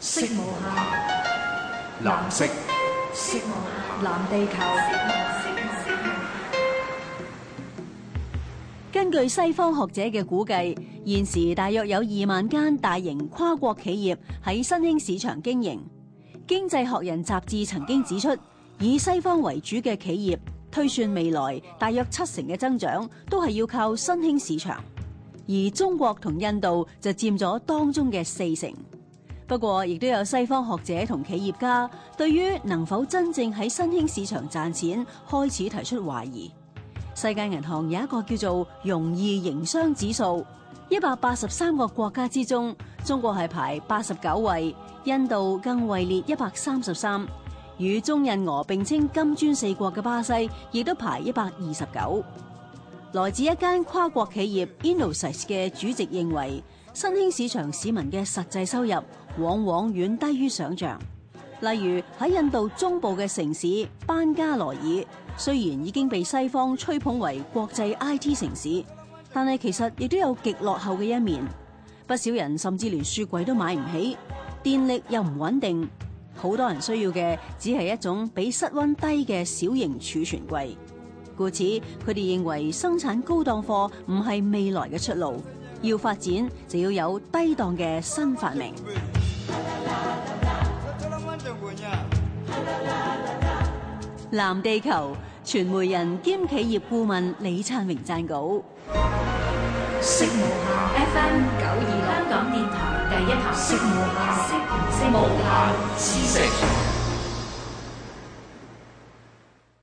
色無限，藍色。色無限，藍地球。根據西方學者嘅估計，現時大約有二萬間大型跨國企業喺新興市場經營。經濟學人雜誌曾經指出，以西方為主嘅企業推算未來大約七成嘅增長都係要靠新興市場，而中國同印度就佔咗當中嘅四成。不過，亦都有西方學者同企業家對於能否真正喺新興市場賺錢開始提出懷疑。世界銀行有一個叫做“容易營商指數”，一百八十三個國家之中，中國係排八十九位，印度更位列一百三十三，與中印俄並稱金磚四國嘅巴西亦都排一百二十九。來自一間跨國企業 Innosight 嘅主席認為。新興市場市民嘅實際收入往往遠低於想象。例如喺印度中部嘅城市班加羅爾，雖然已經被西方吹捧為國際 IT 城市，但係其實亦都有極落後嘅一面。不少人甚至連雪櫃都買唔起，電力又唔穩定，好多人需要嘅只係一種比室溫低嘅小型儲存櫃。故此，佢哋認為生產高檔貨唔係未來嘅出路。要發展就要有低檔嘅新發明。藍地球，傳媒人兼企業顧問李燦榮撰稿。